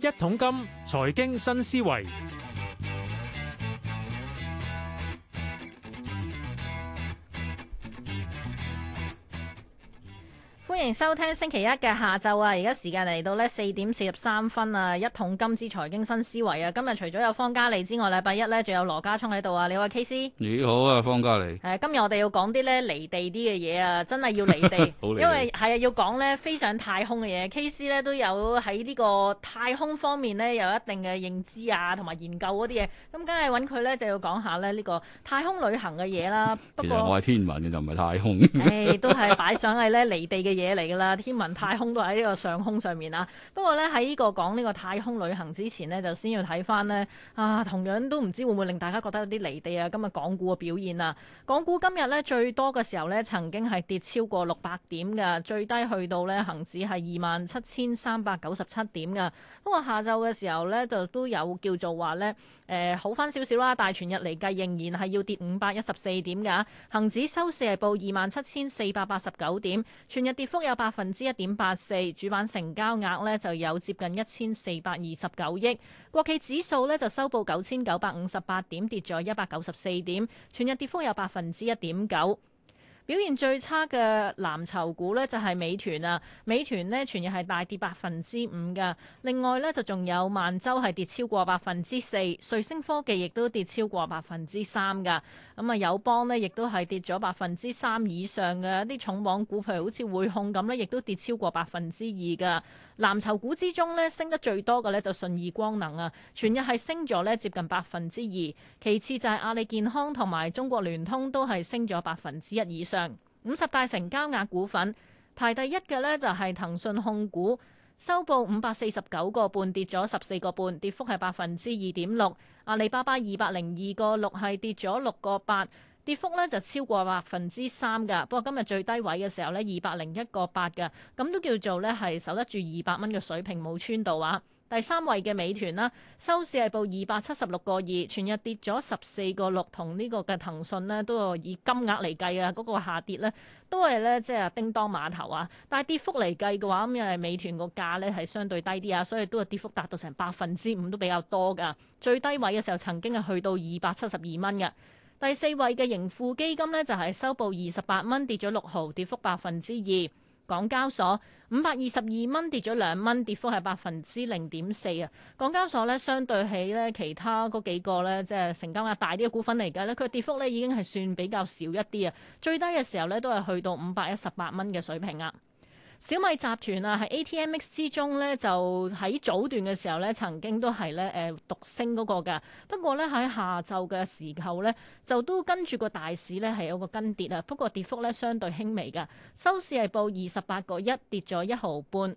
一桶金，財經新思維。歡迎收聽星期一嘅下晝啊！而家時間嚟到呢，四點四十三分啊！一桶金之財經新思維啊！今日除咗有方嘉麗之外，禮拜一呢仲有羅家聰喺度啊！你好 K C 你好啊，方嘉麗、哎、今日我哋要講啲呢離地啲嘅嘢啊，真係要離地， 離地因為係啊，要講呢飛上太空嘅嘢。K C 呢都有喺呢個太空方面呢有一定嘅認知啊，同埋研究嗰啲嘢，咁梗係揾佢呢，就要講下呢呢個太空旅行嘅嘢啦。其， 實我係天文就唔係太空。 哎、都係擺上係呢離地嘅嘢。嚟噶啦，天文太空都喺呢個上空上面啊。不過呢，喺呢個講呢個太空旅行之前呢，就先要睇翻呢。啊。同樣都唔知會唔會令大家覺得有啲離地啊。今日港股嘅表現啊，港股今日呢，最多嘅時候呢，曾經係跌超過六百點噶，最低去到呢，恒指係二萬七千三百九十七點噶。不過下晝嘅時候呢，就都，都有叫做話呢。誒、呃、好翻少少啦。但係全日嚟計，仍然係要跌五百一十四點噶。恒指收市係報二萬七千四百八十九點，全日跌幅。1> 有百分之一點八四，主板成交額咧就有接近一千四百二十九億，國企指數咧就收報九千九百五十八點，跌咗一百九十四點，全日跌幅有百分之一點九。表現最差嘅藍籌股呢，就係、是、美團啊！美團呢，全日係大跌百分之五嘅。另外呢，就仲有萬洲係跌超過百分之四，瑞星科技亦都跌超過百分之三嘅。咁啊、嗯、友邦呢，亦都係跌咗百分之三以上嘅啲重磅股，譬如好似匯控咁呢，亦都跌超過百分之二嘅。藍籌股之中呢，升得最多嘅呢，就順義光能啊，全日係升咗呢接近百分之二。其次就係阿里健康同埋中國聯通都係升咗百分之一以上。五十大成交額股份排第一嘅呢，就係騰訊控股，收報五百四十九個半，跌咗十四個半，跌幅係百分之二點六。阿里巴巴二百零二個六係跌咗六個八，跌幅呢就超過百分之三㗎。不過今日最低位嘅時候呢，二百零一個八㗎，咁都叫做呢係守得住二百蚊嘅水平冇穿到啊。第三位嘅美團啦，收市係報二百七十六個二，全日跌咗十四個六，同呢個嘅騰訊呢，都以金額嚟計啊，嗰個下跌呢，都係呢，即係叮噹碼頭啊，但係跌幅嚟計嘅話，咁又係美團個價呢係相對低啲啊，所以都係跌幅達到成百分之五都比較多㗎，最低位嘅時候曾經係去到二百七十二蚊嘅。第四位嘅盈富基金呢，就係收報二十八蚊，跌咗六毫，跌幅百分之二。港交所，五百二十二蚊跌咗兩蚊，跌幅係百分之零點四啊。港交所咧，相對起咧其他嗰幾個咧，即係成交額大啲嘅股份嚟嘅咧，佢嘅跌幅咧已經係算比較少一啲啊。最低嘅時候咧，都係去到五百一十八蚊嘅水平啊。小米集團啊，喺 A T M X 之中呢，就喺早段嘅時候呢，曾經都係呢誒獨升嗰個㗎。不過呢喺下晝嘅時候呢，就都跟住個大市呢係有個跟跌啊。不過跌幅呢相對輕微㗎，收市係報二十八個一，跌咗一毫半，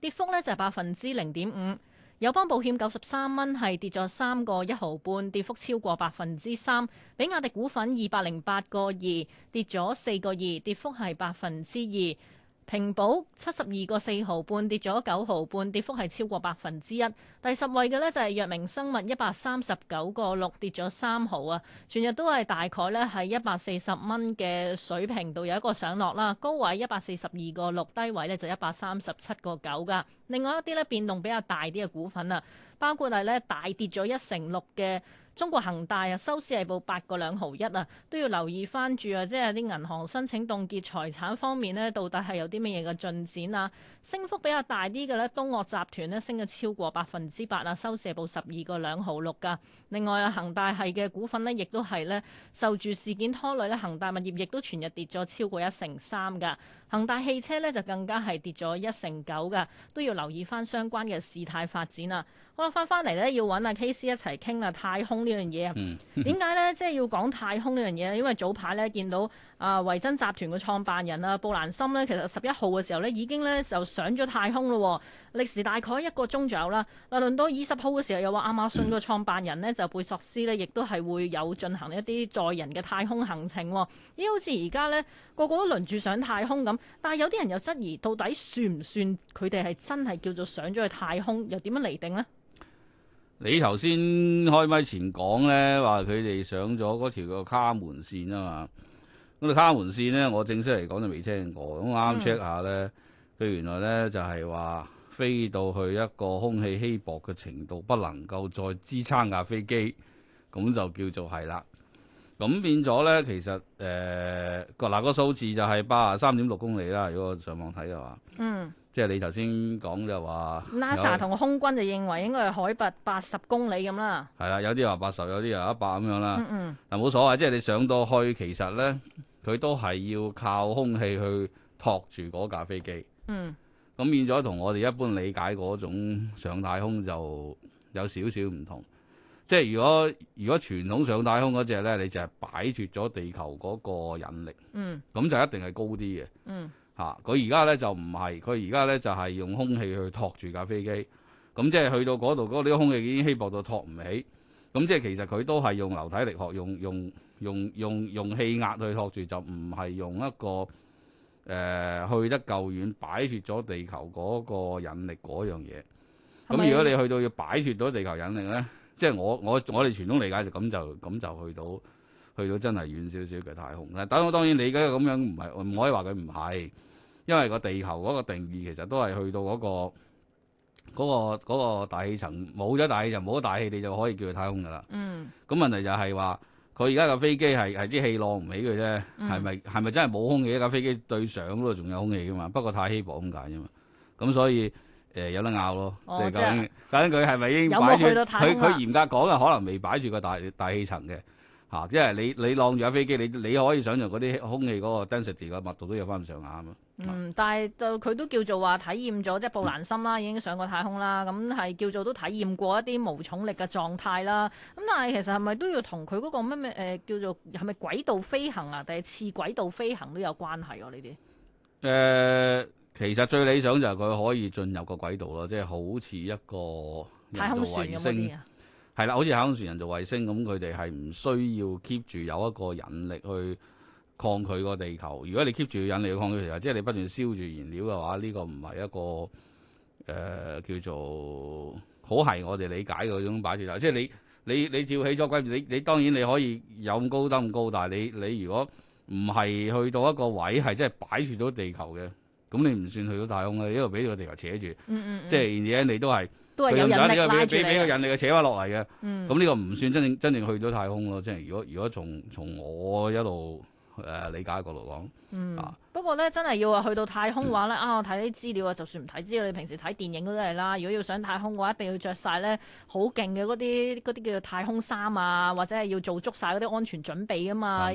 跌幅呢就係百分之零點五。友邦保險九十三蚊係跌咗三個一毫半，跌幅超過百分之三。比亞迪股份二百零八個二跌咗四個二，跌幅係百分之二。平保七十二個四毫半跌咗九毫半，跌幅係超過百分之一。第十位嘅呢就係藥明生物一百三十九個六跌咗三毫啊，全日都係大概呢喺一百四十蚊嘅水平度有一個上落啦。高位一百四十二個六，低位呢就一百三十七個九㗎。另外一啲呢變動比較大啲嘅股份啊，包括係呢大跌咗一成六嘅。中國恒大啊，收市係報八個兩毫一啊，都要留意翻住啊，即係啲銀行申請凍結財產方面呢，到底係有啲乜嘢嘅進展啊？升幅比較大啲嘅呢，東岳集團咧升咗超過百分之八啊，收市係報十二個兩毫六噶。另外啊，恒大系嘅股份呢，亦都係呢受住事件拖累咧，恒大物業亦都全日跌咗超過一成三噶。恒大汽車咧就更加係跌咗一成九嘅，都要留意翻相關嘅事態發展啦。好啦，翻翻嚟咧要揾阿 K C 一齊傾啦，太空、嗯、呢樣嘢啊。點解咧？即係要講太空呢樣嘢咧？因為早排咧見到啊、呃、維珍集團嘅創辦人啊布蘭森咧，其實十一號嘅時候咧已經咧就上咗太空咯、哦，歷時大概一個鐘左右啦。嗱，輪到二十號嘅時候又話亞馬遜嘅創辦人呢，嗯、就貝索斯呢，亦都係會有進行一啲載人嘅太空行程、哦。咦，好似而家咧個個都輪住上太空咁。但係有啲人又質疑，到底算唔算佢哋係真係叫做上咗去太空，又點樣釐定呢？你頭先開麥前講呢話佢哋上咗嗰條個卡門線啊嘛。咁、個、卡門線呢，我正式嚟講就未聽過。咁啱 check 下呢，佢、嗯、原來呢就係話飛到去一個空氣稀薄嘅程度，不能夠再支撐架飛機，咁就叫做係啦。咁變咗咧，其實誒嗱、呃嗰個數字就係八啊三點六公里啦。如果上網睇嘅話，嗯，即係你頭先講就話，NASA 同有空軍就認為應該係海拔八十公里咁啦。係啦，有啲話八十，有啲又一百咁樣啦。嗯嗯，但冇所謂，即係你上到去，其實咧佢都係要靠空氣去托住嗰架飛機。嗯，咁變咗同我哋一般理解嗰種上太空就有少少唔同。即係如果如果傳統上太空嗰隻咧，你就係擺脫咗地球嗰個引力，咁、嗯、就一定係高啲嘅。吓、嗯，佢而家咧就唔係，佢而家咧就係、是、用空氣去托住架飛機。咁、嗯、即係去到嗰度，嗰、那、啲、個、空氣已經稀薄到托唔起。咁、嗯、即係其實佢都係用流體力學，用用用用用氣壓去托住，就唔係用一個誒、呃、去得夠遠，擺脫咗地球嗰個引力嗰樣嘢。咁如果你去到要擺脫咗地球引力咧，呢即係我我我哋傳統理解就咁就咁就去到去到真係遠少少嘅太空啦。但當然你而家咁樣唔係唔可以話佢唔係，因為個地球嗰個定義其實都係去到嗰個嗰個嗰個大氣層，冇咗大氣就冇咗大氣，你就可以叫佢太空噶啦。嗯。咁問題就係話，佢而家架飛機係係啲氣攞唔起嘅啫，係咪係咪真係冇空氣？一架飛機對上度仲有空氣噶嘛，不過太稀薄咁解啫嘛。咁所以。誒有得拗咯，哦、即係究竟佢係咪已經去到太佢佢嚴格講啊，可能未擺住個大大氣層嘅嚇、啊，即係你你浪住架飛機，你你可以想象嗰啲空氣嗰個 density 個密度都有翻咁上下啊嘛。嗯，但係就佢都叫做話體驗咗即係布蘭森啦，已經上過太空啦，咁、嗯、係、嗯、叫做都體驗過一啲無重力嘅狀態啦。咁、啊、但係其實係咪都要同佢嗰個咩咩誒叫做係咪軌道飛行啊，定係次軌道飛行都有關係喎、啊？呢啲誒。其實最理想就係佢可以進入個軌道咯，即係好似一個人造衛星係啦，好似太空船、空船人造衛星咁。佢哋係唔需要 keep 住有一個引力去抗拒個地球。如果你 keep 住引力去抗拒地球，即係你不斷燒住燃料嘅話，呢、這個唔係一個誒、呃、叫做好係我哋理解嗰種擺住頭。即係你你你跳起咗軌，你你當然你可以有咁高得咁高，但係你你如果唔係去到一個位，係即係擺住咗地球嘅。咁你唔算去到太空啦，你一路俾個地球扯住，嗯嗯嗯即係而且你都係佢又再俾俾個引力嘅扯翻落嚟嘅。咁呢、嗯、個唔算真正真正去咗太空咯，即係如果如果從從我一路。誒理解嗰度王。嗯，啊、不過咧，真係要話去到太空嘅話咧，嗯、啊，我睇啲資料啊，就算唔睇資料，你平時睇電影都係啦。如果要上太空嘅話，一定要着晒咧好勁嘅嗰啲啲叫做太空衫啊，或者係要做足晒嗰啲安全準備啊嘛。係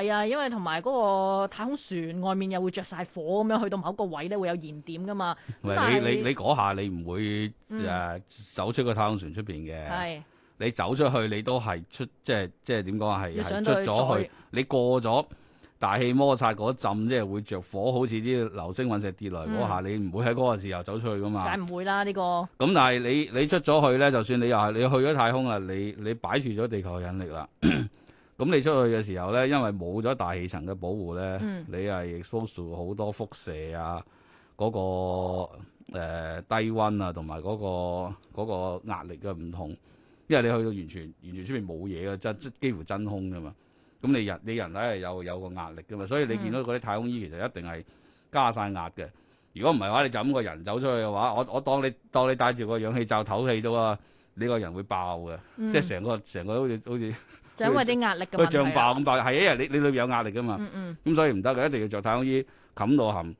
啊，也啊，因為同埋嗰個太空船外面又會着晒火咁樣，去到某個位咧會有燃點噶嘛。喂是你你你嗰下你唔會誒、嗯、走出個太空船出邊嘅。係。你走出去，你都係出即係即係點講啊？係，係出咗去。你過咗大氣摩擦嗰陣，即係會着火，好似啲流星隕石跌落嗰下。嗯、你唔會喺嗰個時候走出去噶嘛？梗唔會啦，呢、呢個。咁但係你你出咗去咧，就算你又係你去咗太空啦，你你擺住咗地球引力啦，咁 你出去嘅時候咧，因為冇咗大氣層嘅保護咧，你係 expose 好多輻射啊，嗰、嗰個誒、呃、低温啊，同埋嗰個嗰、嗰個壓力嘅唔同。因為你去到完全完全出邊冇嘢嘅，真幾乎真空噶嘛。咁你人你人體係有有個壓力噶嘛，所以你見到嗰啲太空衣其實一定係加晒壓嘅。如果唔係嘅話，你就咁個人走出去嘅話，我我當你當你戴住個氧氣罩唞氣到啊，你個人會爆嘅，嗯、即係成個成個好似好似就因為啲壓力嘅問題，會 脹爆咁爆。係啊，因為你你裏邊有壓力噶嘛，咁、嗯嗯、所以唔得嘅，一定要着太空衣冚到冚。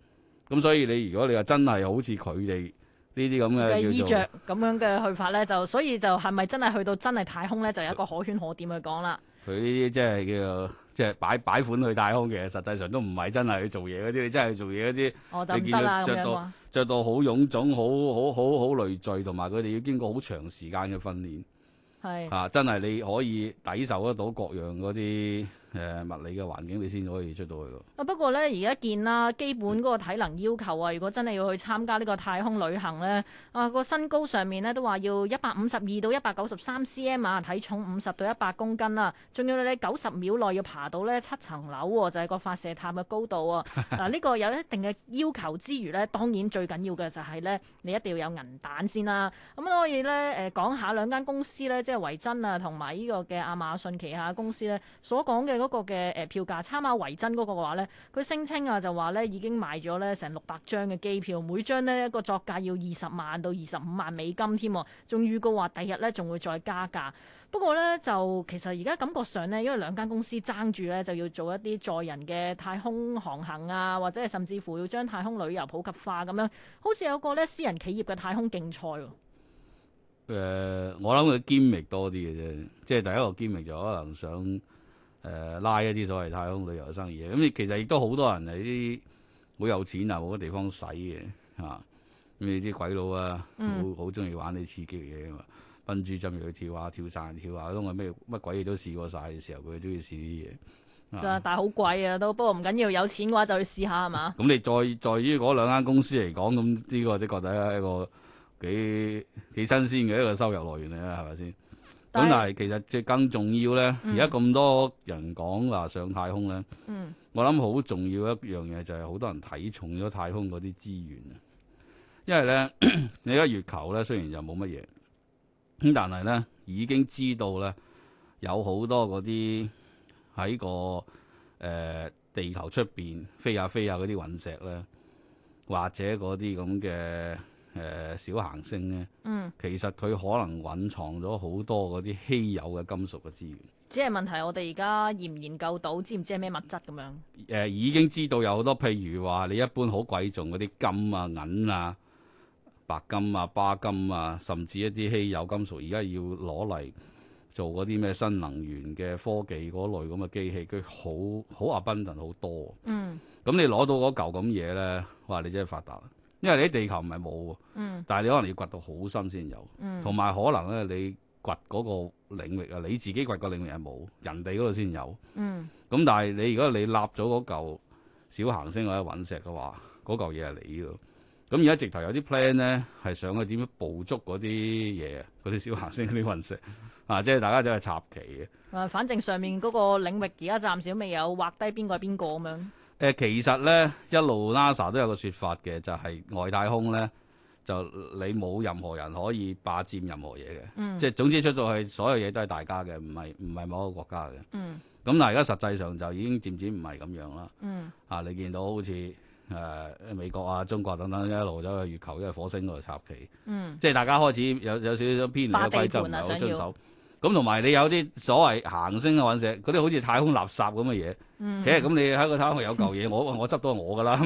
咁所以你如果你話真係好似佢哋。呢啲咁嘅衣着咁樣嘅去法咧，就所以就係咪真係去到真係太空咧？就有一個可圈可點去講啦。佢呢啲即係叫即係、即係、擺擺款去太空嘅，實，實際上都唔係真係去做嘢嗰啲。你真係去做嘢嗰啲，我就你見佢着到著到好臃腫，好好好好累贅，同埋佢哋要經過好長時間嘅訓練。係是啊，真係你可以抵受得到各樣嗰啲。誒、呃、物理嘅環境你先可以出到去咯、啊。不過呢，而家見啦，基本嗰個體能要求啊，如果真係要去參加呢個太空旅行呢，啊個身高上面呢，都話要一百五十二到一百九十三 cm 啊，體重五十到一百公斤啦、啊，仲要你九十秒內要爬到呢七層樓喎、啊，就係、是、個發射塔嘅高度喎、啊。嗱呢、 啊呢個有一定嘅要求之餘呢，當然最緊要嘅就係呢：你一定要有銀彈先啦、啊。咁啊可以呢，誒、呃、講下兩間公司呢，即係維珍啊同埋呢個嘅亞馬遜旗下公司呢，所講嘅嗰個嘅誒票價差唔多，維珍嗰個嘅話咧，佢聲稱啊就話咧已經賣咗咧成六百張嘅機票，每張咧一個作價要二十萬到二十五萬美金添，仲預告話第二日咧仲會再加價。不過咧就其實而家感覺上咧，因為兩間公司爭住咧就要做一啲載人嘅太空航行啊，或者係甚至乎要將太空旅遊普及化咁樣，好似有個咧私人企業嘅太空競賽。誒、呃，我諗佢兼覓多啲嘅啫，即、就、係、是、第一個兼覓就可能想。誒、呃、拉一啲所謂太空旅遊生意，咁、嗯、你其實亦都好多人喺啲好有錢啊，冇乜地方使嘅吓。咁你啲鬼佬啊，好好中意玩啲刺激嘢啊嘛！笨豬、浸入去跳啊、跳傘、跳啊，都係咩乜鬼嘢都試過晒嘅時候，佢中意試啲嘢。嗯、但係好貴啊，都不過唔緊要，有錢嘅話就去試下係嘛？咁、嗯嗯嗯、你再在，在於嗰兩間公司嚟講，咁呢、呢個都、呢個、覺得係一個幾幾新鮮嘅一個收入來源嚟啊，係咪先？咁但係其實即係更重要咧，而家咁多人講話上太空咧，嗯、我諗好重要一樣嘢就係好多人睇重咗太空嗰啲資源。因為咧，你而家月球咧雖然就冇乜嘢，咁但係咧已經知道咧有好多嗰啲喺個誒、呃、地球出邊飛下、啊、飛下嗰啲隕石咧，或者嗰啲咁嘅。誒、呃、小行星咧，嗯，其實佢可能蘊藏咗好多嗰啲稀有嘅金屬嘅資源。只係問題，我哋而家研唔研究到，知唔知係咩物質咁樣？誒、呃，已經知道有好多，譬如話你一般好貴重嗰啲金啊、銀啊、白金啊、巴金啊，甚至一啲稀有金屬，而家要攞嚟做嗰啲咩新能源嘅科技嗰類咁嘅機器，佢好好 abundant 好多。嗯，咁你攞到嗰嚿咁嘢咧，哇！你真係發達啦～因為你喺地球唔係冇，嗯、但係你可能要掘到好深先有，同埋、嗯、可能咧你掘嗰個領域啊，你自己掘個領域係冇，人哋嗰度先有。咁、嗯、但係你如果你立咗嗰嚿小行星或者隕石嘅話，嗰嚿嘢係你嘅。咁而家直頭有啲 plan 咧，係想去點樣捕捉嗰啲嘢啊，嗰啲小行星、啲隕石啊，即係大家走係插旗嘅。反正上面嗰個領域而家暫時未有劃低邊個係邊個咁樣。誒其實咧，一路 NASA 都有個説法嘅，就係、是、外太空咧，就你冇任何人可以霸佔任何嘢嘅，嗯、即係總之出到去，所有嘢都係大家嘅，唔係唔係某一個國家嘅。咁、嗯、但嗱，而家實際上就已經漸漸唔係咁樣啦。嚇、嗯啊、你見到好似誒、呃、美國啊、中國等等一路走去月球、因、就、為、是、火星嗰度插旗，嗯、即係大家開始有有少少偏離嘅規則，唔係好遵守，咁同埋你有啲所謂行星啊，隕石嗰啲好似太空垃圾咁嘅嘢，嗯、其實咁你喺個太空有嚿嘢，我我執到係我噶啦，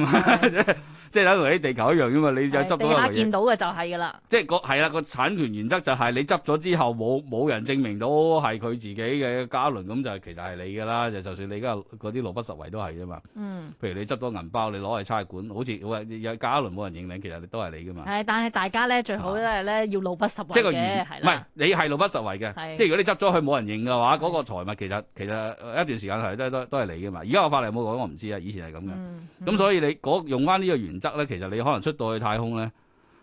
即係等同喺地球一樣啫嘛。你又執到嗰嚿嘢，地下見到嘅就係噶啦。即係個係啦，個產權原則就係你執咗之後冇冇人證明到係佢自己嘅，隔一輪咁就其實係你噶啦。就就算你而家嗰啲路不拾遺都係啫嘛。嗯、譬如你執到銀包，你攞去差館，好似隔又冇人認領，其實都係你噶嘛。但係大家咧最好咧要路不拾遺嘅，係唔係你係路不拾遺嘅，即係的。如果你執咗佢冇人認嘅話，嗰的個財物其實其實一段時間係都都都係你嘅嘛。而家我法例冇講，我唔知啊。以前係咁嘅，咁、嗯嗯、所以你、那個、用返呢個原則咧，其實你可能出到去太空咧，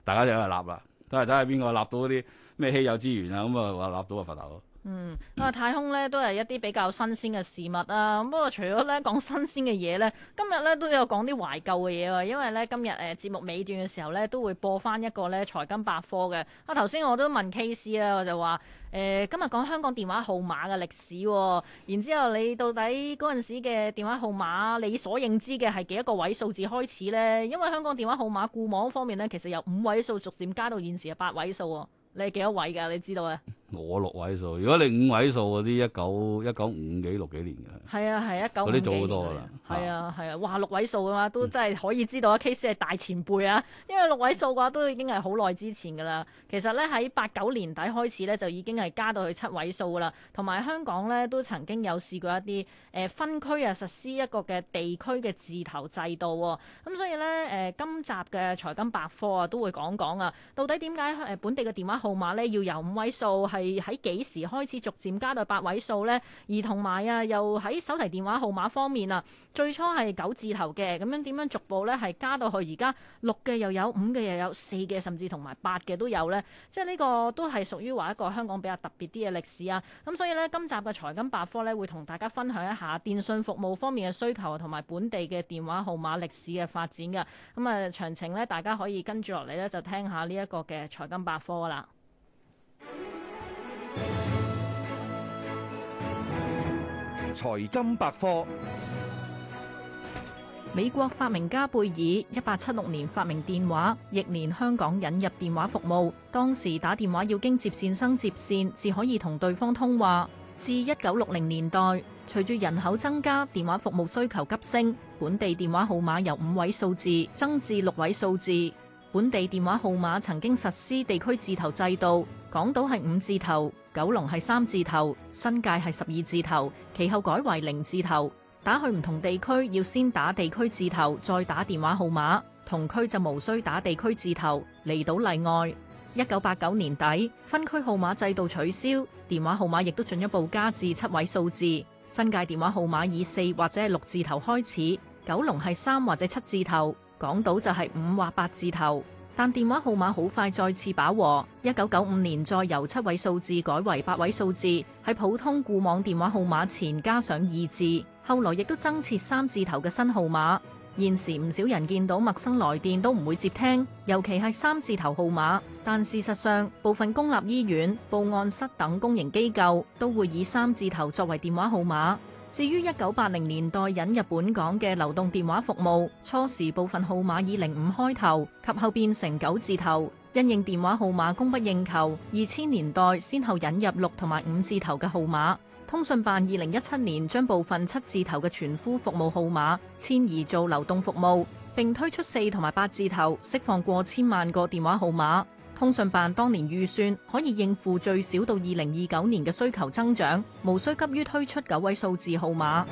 大家就喺度立啦，都係睇下邊個立到啲咩稀有資源啊，咁啊話立到就發達咯。嗯，啊太空咧都係一啲比較新鮮嘅事物啊，咁不過除咗咧講新鮮嘅嘢咧，今日咧都有講啲懷舊嘅嘢啊，因為咧今日誒節目尾段嘅時候咧都會播翻一個咧財金百科嘅，啊頭先我都問 K C 啊，我就話誒、呃、今日講香港電話號碼嘅歷史，啊，然之後你到底嗰陣時嘅電話號碼你所認知嘅係幾多個位數字開始咧？因為香港電話號碼固網方面咧，其實由五位數逐漸加到現時嘅八位數，啊，你係幾多位噶？你知道啊？我六位數，如果你五位數嗰啲一九一九五幾六幾年嘅，係啊係一九五幾，嗰啲早好多噶啦，係啊係啊，啊，哇六位數嘅嘛，都真係可以知道啊。Case 係大前輩啊，因為六位數嘅話都已經係好耐之前噶啦。其實咧喺八九年底開始咧就已經係加到去七位數噶啦，同埋香港咧都曾經有試過一啲誒、呃、分區啊，實施一個嘅地區嘅字頭制度喎、哦。咁、嗯、所以咧誒、呃、今集嘅財金百科啊都會講講啊，到底點解誒本地嘅電話號碼咧要由五位數係喺幾時開始逐漸加到八位數呢？而同埋啊，又喺手提電話號碼方面啊，最初係九字頭嘅，咁樣點樣逐步呢係加到去而家六嘅又有五嘅又有四嘅，甚至同埋八嘅都有呢。即係呢個都係屬於話一個香港比較特別啲嘅歷史啊。咁所以呢，今集嘅財金百科呢，會同大家分享一下電信服務方面嘅需求同埋本地嘅電話號碼歷史嘅發展㗎。咁啊，詳情呢，大家可以跟住落嚟呢，就聽下呢一個嘅財金百科啦。財金百科：美國發明家貝爾一八七六年發明電話，翌年香港引入電話服務。當時打電話要經接線生接線，至可以同對方通話。至一九六零年代，隨住人口增加，電話服務需求急升，本地電話號碼由五位數字增至六位數字。本地電話號碼曾經實施地區字頭制度，港島係五字頭。九龍係三字頭，新界係十二字頭，其後改為零字頭。打去唔同地區要先打地區字頭，再打電話號碼。同區就無需打地區字頭。離島例外。一九八九年底，分區號碼制度取消，電話號碼亦都進一步加至七位數字。新界電話號碼以四或者係六字頭開始，九龍係三或者七字頭，港島就係五或八字頭。但電話號碼好快再次飽和，一九九五年再由七位數字改為八位數字，喺普通固網電話號碼前加上二字。後來亦都增設三字頭嘅新號碼，現時唔少人見到陌生來電都唔會接聽，尤其係三字頭號碼，但事實上，部分公立醫院、報案室等公營機構都會以三字頭作為電話號碼。至於一九八零年代引入本港嘅流動電話服務，初時部分號碼以零五開頭，及後變成九字頭。因應電話號碼供不應求，二千年代先後引入六同埋五字頭嘅號碼。通訊辦二零一七年將部分七字頭嘅傳呼服務號碼遷移做流動服務，並推出四同埋八字頭，釋放過千萬個電話號碼。通訊辦當年預算可以應付最少到二零二九年嘅需求增長，無需急於推出九位數字號碼。